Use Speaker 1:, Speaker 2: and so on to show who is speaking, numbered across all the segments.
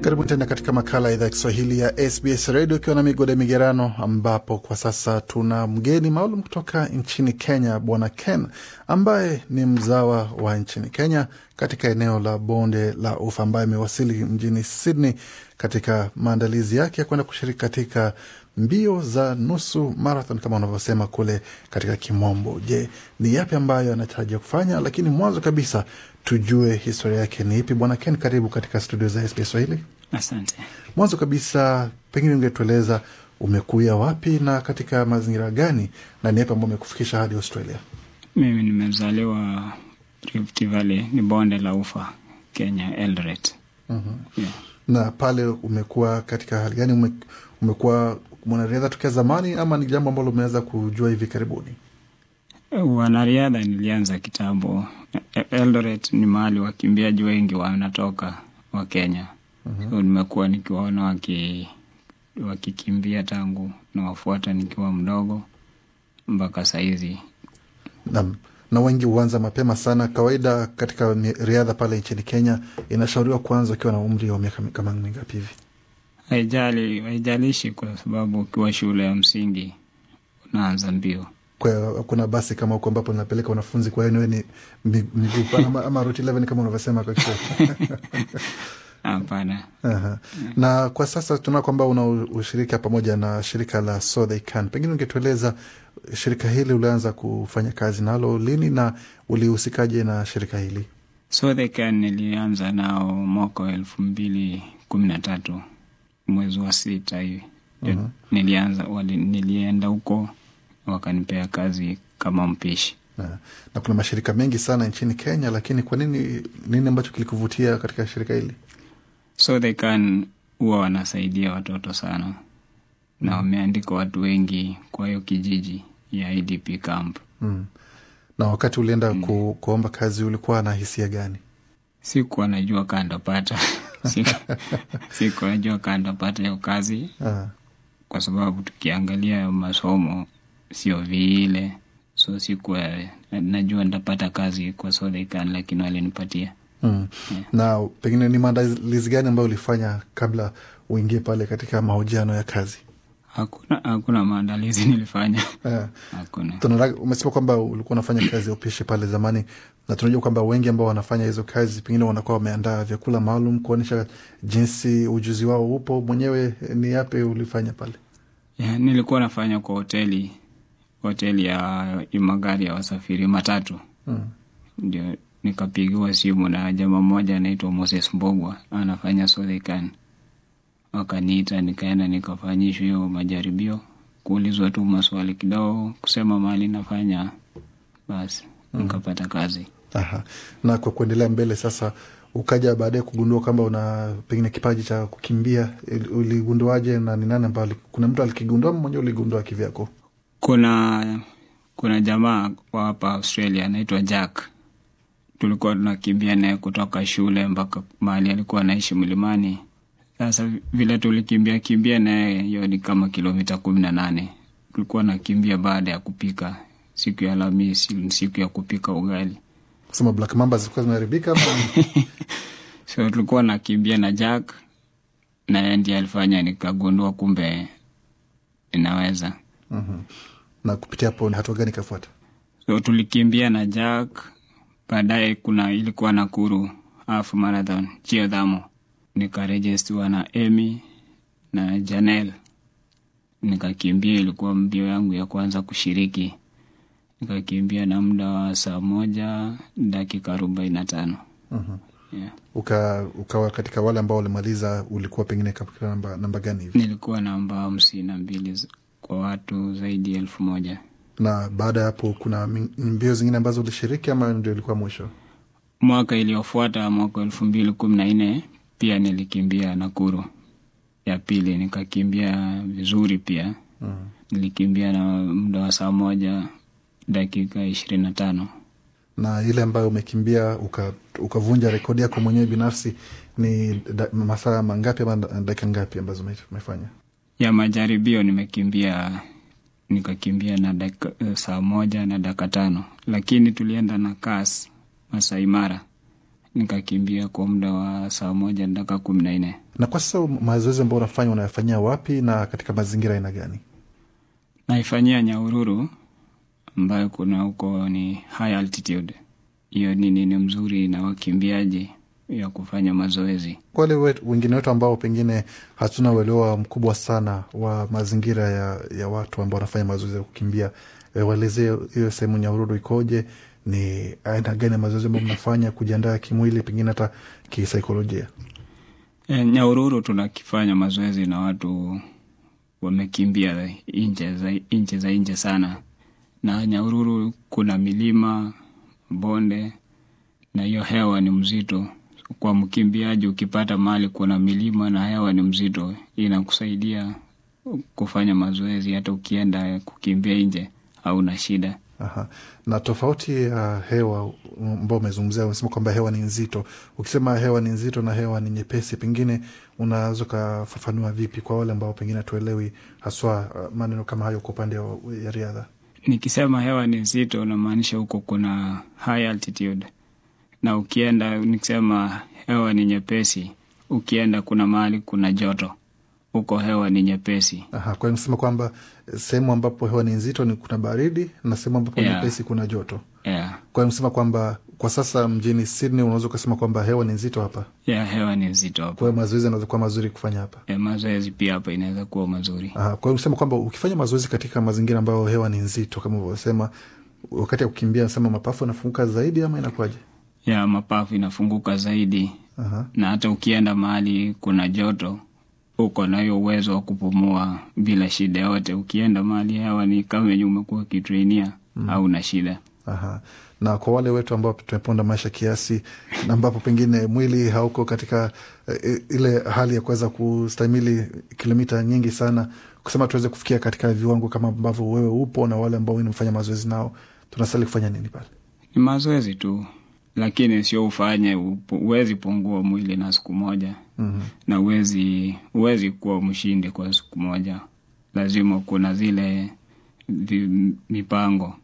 Speaker 1: Karibu tena katika makala ya idhaa ya Kiswahili ya SBS redio ikiwa na migode migerano, ambapo kwa sasa tuna mgeni maalum kutoka nchini Kenya, Bwana Ken ambaye ni mzawa wa nchini Kenya katika eneo la bonde la Ufa, ambaye amewasili mjini Sydney katika maandalizi yake ya kwenda kushiriki katika mbio za nusu marathon kama wanavyosema kule katika kimombo. Je, ni yapi ambayo anatarajia kufanya? Lakini mwanzo kabisa tujue historia yake ni ipi. Bwana Ken, karibu katika studio za sp Swahili. Asante. Mwanzo kabisa, pengine ungetueleza umekuya wapi na katika mazingira gani, na ni yapi ambayo umekufikisha hadi Australia?
Speaker 2: Mimi nimezaliwa Rift Valley, ni bonde la Ufa, Kenya, Eldoret.
Speaker 1: uh mm-hmm. -huh. yeah. na pale umekuwa katika hali gani? Umekuwa mwanariadha tokea zamani ama ni jambo ambalo umeweza kujua hivi karibuni?
Speaker 2: Wanariadha nilianza kitambo. E, Eldoret ni mahali wakimbiaji wengi wanatoka wa Kenya. Uh-huh. So nimekuwa nikiwaona waki wakikimbia tangu nawafuata nikiwa mdogo mpaka sahizi.
Speaker 1: nam na wengi huanza mapema sana. Kawaida katika riadha pale nchini Kenya inashauriwa kuanza ukiwa na umri wa miaka kama mingapi hivi?
Speaker 2: haijali haijalishi, kwa sababu ukiwa shule ya msingi unaanza mbio.
Speaker 1: Kwa kuna basi kama huko ambapo napeleka wanafunzi, kwa hiyo ni miguu ama, ama Route 11 kama unavyosema kwa
Speaker 2: Hapana.
Speaker 1: Na kwa sasa tunaona kwamba una ushirika pamoja na shirika la So They Can. Pengine ungetueleza shirika hili ulianza kufanya kazi nalo lini na ulihusikaje na shirika hili?
Speaker 2: So They Can nilianza nao mwaka wa elfu mbili kumi na tatu mwezi wa sita hivi mhm. Nilianza wali, nilienda huko
Speaker 1: wakanipea kazi kama mpishi na, na kuna mashirika mengi sana nchini Kenya, lakini kwa nini, nini ambacho kilikuvutia katika shirika hili?
Speaker 2: So they can huwa wanasaidia watoto sana na mhm. wameandika watu wengi kwa hiyo kijiji ya IDP camp
Speaker 1: mm. Na wakati ulienda mm. ku, kuomba kazi ulikuwa na hisia gani?
Speaker 2: Sikuwa najua ndapata siku kandapata hiyo kazi ah. kwa sababu tukiangalia masomo sio vile so siku najua ntapata kazi kwa Sodaikan, lakini walinipatia
Speaker 1: mm. yeah. na pengine ni maandalizi gani ambayo ulifanya kabla uingie pale katika mahojiano ya kazi? Hakuna,
Speaker 2: hakuna maandalizi nilifanya
Speaker 1: yeah. Hakuna. umesema kwamba ulikuwa unafanya kazi ya upishi pale zamani na tunajua kwamba wengi ambao wanafanya hizo kazi pengine wanakuwa wameandaa vyakula maalum kuonyesha jinsi ujuzi wao upo. Mwenyewe eh, ni yape ulifanya pale?
Speaker 2: Yeah, nilikuwa nafanya kwa hoteli hoteli ya magari ya wasafiri matatu, hmm. ndio Nikapigiwa simu na jama mmoja anaitwa Moses Mbogwa, anafanya sodhekan Wakaniita, nikaenda nikafanyishwa hiyo majaribio, kuulizwa tu maswali kidogo, kusema mali nafanya, basi hmm. nikapata kazi.
Speaker 1: Aha. Na kwa kuendelea mbele sasa, ukaja baadaye kugundua kwamba una pengine kipaji cha kukimbia, uligunduaje na ni nani ambayo, kuna mtu alikigundua mwenyewe, uligundua kivyako?
Speaker 2: Kuna kuna jamaa wa hapa Australia anaitwa Jack, tulikuwa tunakimbia naye kutoka shule mpaka mahali alikuwa anaishi mlimani. Sasa vile tulikimbia kimbia naye, hiyo ni kama kilomita kumi na nane tulikuwa nakimbia baada ya kupika siku ya Alhamisi, siku ya kupika ugali kusema Black
Speaker 1: Mamba zilikuwa zimeharibika
Speaker 2: so tulikuwa nakimbia na Jack na ye ndi alifanya nikagundua kumbe inaweza.
Speaker 1: mm -hmm. Na kupitia hapo hatua gani
Speaker 2: So tulikimbia na Jack, baadaye kuna ilikuwa na kuru af marathon Chiodhamo, nikarejestiwa na Emi na Janel nikakimbia, ilikuwa mbio yangu ya kwanza kushiriki nikakimbia na muda wa saa moja dakika
Speaker 1: arobaini na tano. Mhm. Yeah. Uka, ukawa katika wale ambao walimaliza, ulikuwa pengine katika namba, namba gani hivi?
Speaker 2: Nilikuwa namba hamsini na mbili kwa watu zaidi ya elfu
Speaker 1: moja. Na baada ya hapo kuna mbio zingine ambazo ulishiriki ama ndio ilikuwa mwisho?
Speaker 2: Mwaka iliyofuata mwaka elfu mbili kumi na nne pia nilikimbia Nakuru ya pili, nikakimbia vizuri pia. Uhum. Nilikimbia na muda wa saa moja dakika ishirini na tano
Speaker 1: na ile ambayo umekimbia ukavunja uka rekodi yako mwenyewe binafsi ni masaa mangapi ama dakika ngapi ambazo umefanya?
Speaker 2: Ya majaribio nimekimbia nikakimbia na dakika, eh, saa moja na dakika tano, lakini tulienda na kas Masai nikakimbia kwa muda wa saa moja na dakika kumi na nne.
Speaker 1: Na kwa sasa mazoezi ambayo unafanya unayafanyia wapi na katika mazingira aina gani?
Speaker 2: Naifanyia Nyahururu ambayo kuna huko ni high altitude. Hiyo ni nini mzuri na wakimbiaji ya kufanya mazoezi.
Speaker 1: kwale wengine wetu ambao pengine hatuna uelewa mkubwa sana wa mazingira ya, ya watu ambao wanafanya mazoezi ya kukimbia, e, eh, waelezee hiyo sehemu Nyahururu ikoje, ni aina gani ya mazoezi ambao mnafanya kujiandaa kimwili, pengine hata kisaikolojia?
Speaker 2: E, Nyahururu tunakifanya mazoezi na watu wamekimbia nje za nje sana na Nyahururu kuna milima, bonde na hiyo hewa ni mzito. Kwa mkimbiaji, ukipata mahali kuna milima na hewa ni mzito, inakusaidia kufanya mazoezi, hata ukienda kukimbia nje na shida.
Speaker 1: Aha. Na tofauti ya uh, hewa ambao umezungumzia, umesema kwamba hewa ni nzito. Ukisema hewa ni nzito na hewa ni nyepesi, pengine unaweza ukafafanua vipi kwa wale ambao pengine hatuelewi haswa uh, maneno kama hayo kwa upande ya riadha?
Speaker 2: Nikisema hewa ni nzito, unamaanisha huko kuna high altitude, na ukienda, nikisema hewa ni nyepesi, ukienda kuna mahali kuna joto, huko hewa ni nyepesi.
Speaker 1: Aha, kwa nasema kwamba eh, sehemu ambapo hewa ni nzito ni kuna baridi na sehemu ambapo yeah, nyepesi kuna joto yeah. Kwa msema kwamba kwa sasa mjini Sydney unaweza ukasema kwamba hewa ni nzito hapa.
Speaker 2: Yeah, hewa ni nzito hapa.
Speaker 1: Kwa hiyo mazoezi anaweza kuwa mazuri kufanya hapa.
Speaker 2: Yeah, mazoezi pia hapa inaweza kuwa mazuri.
Speaker 1: Aha, kwa hiyo msema kwamba ukifanya mazoezi katika mazingira ambayo hewa ni nzito kama ulivyosema, wakati ya kukimbia sema mapafu yanafunguka zaidi ama inakuwaje?
Speaker 2: Yeah, mapafu inafunguka zaidi. Aha. Na hata ukienda mahali kuna joto uko na uwezo wa kupumua bila shida yote. Ukienda mahali hewa ni kama yenye
Speaker 1: umekuwa ukitrainia, mm, au na shida. Aha na kwa wale wetu ambao tumeponda maisha kiasi, ambapo pengine mwili hauko katika e, ile hali ya kuweza kustahimili kilomita nyingi sana, kusema tuweze kufikia katika viwango kama ambavyo wewe upo na wale ambao mfanya mazoezi nao, tunastahili kufanya nini pale?
Speaker 2: Ni mazoezi tu, lakini sio ufanye, huwezi pungua mwili na siku moja mm -hmm. na uwezi huwezi kuwa mshindi kwa siku moja, lazima kuna zile mipango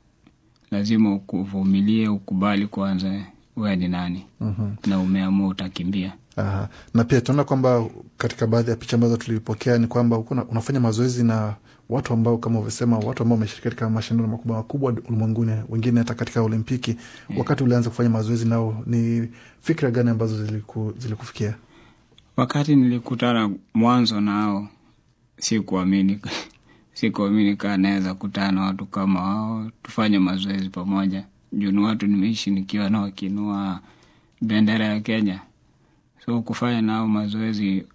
Speaker 2: lazima ukuvumilie, ukubali kwanza wewe ni nani uh-huh. na umeamua utakimbia.
Speaker 1: Aha. Na pia tunaona kwamba katika baadhi ya picha ambazo tulipokea ni kwamba unafanya mazoezi na watu ambao kama uvyosema watu ambao wameshiriki katika mashindano makubwa makubwa ulimwenguni, wengine hata katika Olimpiki yeah. Wakati ulianza kufanya mazoezi nao, ni fikira gani ambazo ziliku, zilikufikia?
Speaker 2: Wakati nilikutana mwanzo nao, sikuamini sikuamini kaa naweza kutana na watu kama wao, tufanye mazoezi pamoja juu ni watu nimeishi nikiwa na wakinua bendera ya Kenya. So kufanya nao mazoezi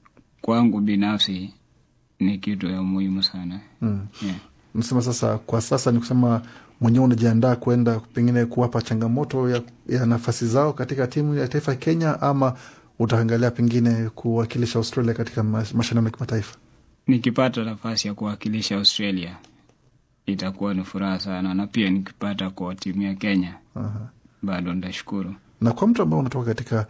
Speaker 2: kwangu binafsi ni kitu ya muhimu sana
Speaker 1: mm. Yeah. sasa, kwa sasa ni kusema mwenyewe unajiandaa kwenda pengine kuwapa changamoto ya, ya nafasi zao katika timu ya taifa ya Kenya, ama utaangalia pengine kuwakilisha Australia katika mashindano ya kimataifa?
Speaker 2: nikipata nafasi ya kuwakilisha Australia itakuwa ni furaha sana, na pia nikipata kuwatimia Kenya Aha. bado ntashukuru
Speaker 1: Na kwa mtu ambao unatoka katika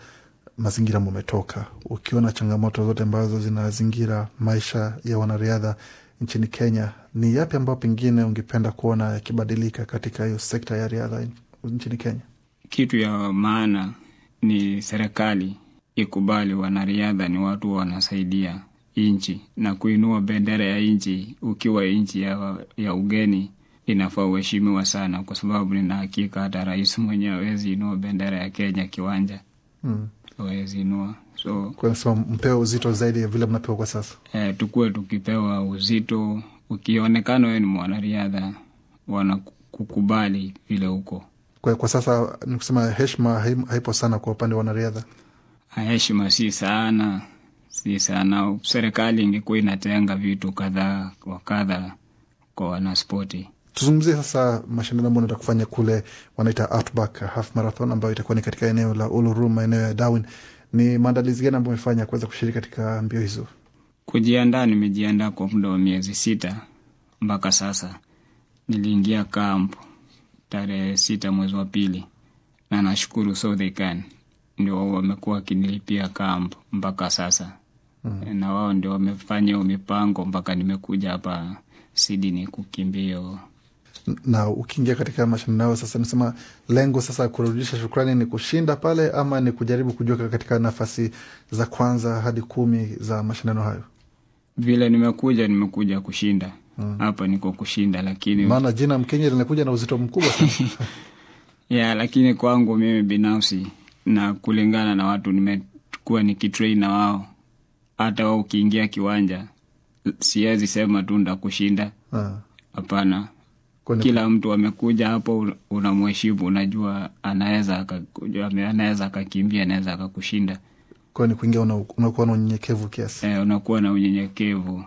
Speaker 1: mazingira ambao umetoka, ukiona changamoto zote ambazo zinazingira maisha ya wanariadha nchini Kenya, ni yapi ambayo pengine ungependa kuona yakibadilika katika hiyo sekta ya riadha nchini Kenya?
Speaker 2: Kitu ya maana ni serikali ikubali wanariadha ni watu wanasaidia nchi na kuinua bendera ya nchi ukiwa nchi ya, ya ugeni inafaa uheshimiwa sana, kwa sababu nina hakika hata rais mwenyewe awezi inua bendera ya Kenya kiwanja mm. awezi inua so,
Speaker 1: so mpewa uzito zaidi ya vile mnapewa kwa sasa.
Speaker 2: Eh, tukuwe tukipewa uzito, ukionekana wewe ni mwanariadha wanakukubali vile huko
Speaker 1: kwa, kwa sasa nikusema heshima haipo sana kwa upande wa wanariadha,
Speaker 2: heshima si sana si sana. Serikali ingekuwa inatenga vitu kadhaa wa kadha kwa wanaspoti.
Speaker 1: Tuzungumzie sasa mashindano ambao nata kufanya kule, wanaita Outback Half Marathon ambayo itakuwa ni katika eneo la Uluru, maeneo ya Darwin. Ni maandalizi gani ambayo umefanya kuweza kushiriki katika mbio hizo?
Speaker 2: Kujiandaa, nimejiandaa kwa muda wa miezi sita mpaka sasa. Niliingia kamp tarehe sita mwezi wa pili, na nashukuru South African ndio wamekuwa wakinilipia kamp mpaka sasa mm. na wao ndio wamefanya mipango mpaka nimekuja hapa Sydney kukimbio
Speaker 1: na ukiingia katika mashindano sasa, nasema lengo sasa kurudisha shukrani ni kushinda pale ama ni kujaribu kujuka katika nafasi za kwanza hadi kumi za mashindano hayo?
Speaker 2: Vile nimekuja nimekuja kushinda mm. hapa, hmm. niko kushinda, lakini maana
Speaker 1: jina Mkenya linakuja na uzito mkubwa sana
Speaker 2: yeah, lakini kwangu mimi binafsi na kulingana na watu nimekuwa nikitrain na wao hata ukiingia kiwanja siwezi sema tu ndakushinda, ah. hapana. Kila mtu amekuja hapo, mweshimu unajua anaweza anaweza akakimbia, anaweza akakushinda. Kwani unakuwa na unyenyekevu kiasi e, unakuwa na unyenyekevu,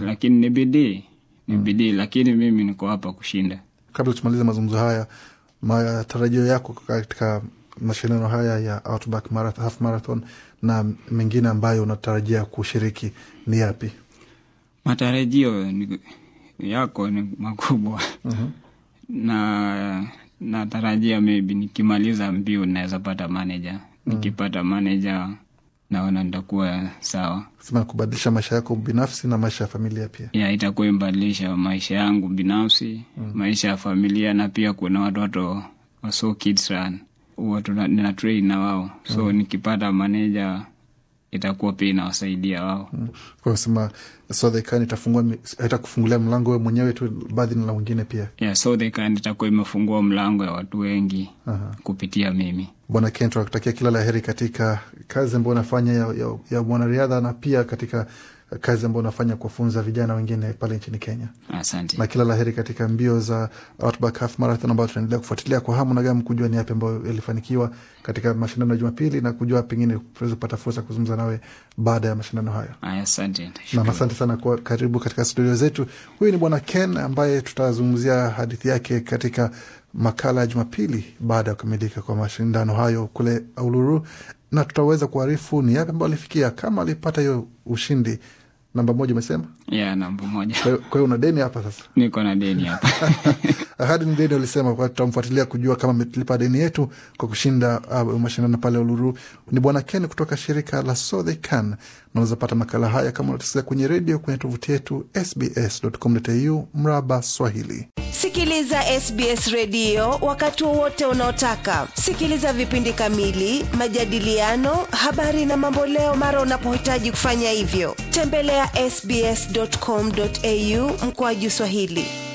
Speaker 2: lakini ni bidii, ni hmm. bidii. Lakini mimi niko hapa kushinda.
Speaker 1: Kabla tumalize mazungumzo haya, matarajio yako katika mashindano haya ya Outback Marathon, half marathon na mengine ambayo unatarajia kushiriki ni yapi?
Speaker 2: Matarajio yako ni makubwa. mm -hmm. na natarajia maybe nikimaliza mbio naweza pata manager. Mhm. Nikipata manager naona nitakuwa sawa.
Speaker 1: Sema kubadilisha maisha yako binafsi na maisha ya familia pia.
Speaker 2: Ya, itakuwa imbadilisha maisha yangu binafsi, mm. maisha ya familia na pia kuna watoto waso kids run watu nina train na wao so mm. nikipata maneja itakuwa pia inawasaidia wao
Speaker 1: mm. kwa sema so they can itafungua itakufungulia mlango we mwenyewe tu baadhi na wengine pia
Speaker 2: yeah, so they can itakuwa imefungua mlango ya watu wengi uh-huh. kupitia mimi
Speaker 1: bwana kent tunakutakia kila la heri katika kazi ambayo unafanya ya, ya, ya mwanariadha na pia katika kazi ambayo unafanya kuwafunza vijana wengine pale nchini Kenya. Asante na kila laheri katika mbio za Outback Half Marathon ambayo tunaendelea kufuatilia kwa hamu na gamu kujua ni yapi ambayo yalifanikiwa katika mashindano ya Jumapili na kujua pengine tuweze kupata fursa ya kuzungumza nawe baada ya mashindano hayo.
Speaker 2: Asante
Speaker 1: nam, asante sana kwa karibu katika studio zetu. Huyu ni Bwana Ken ambaye tutazungumzia hadithi yake katika makala ya Jumapili baada ya kukamilika kwa mashindano hayo kule Uluru na tutaweza kuharifu ni yapi ambayo alifikia kama alipata hiyo ushindi namba moja umesema?
Speaker 2: Yeah, namba moja.
Speaker 1: Kwa hiyo una deni hapa sasa?
Speaker 2: Niko na deni hapa
Speaker 1: Ahadi Ndeni alisema kuwa tutamfuatilia kujua kama ametilipa deni yetu kwa kushinda uh, mashindano pale Uluru. Ni Bwana Ken kutoka shirika la So They Can. Unaweza pata makala haya kama unatusikia kwenye redio kwenye tovuti yetu sbs.com.au mraba Swahili.
Speaker 2: Sikiliza SBS redio wakati wowote unaotaka. Sikiliza vipindi kamili, majadiliano, habari na mamboleo mara unapohitaji kufanya hivyo. Tembelea sbs.com.au mkoaju Swahili.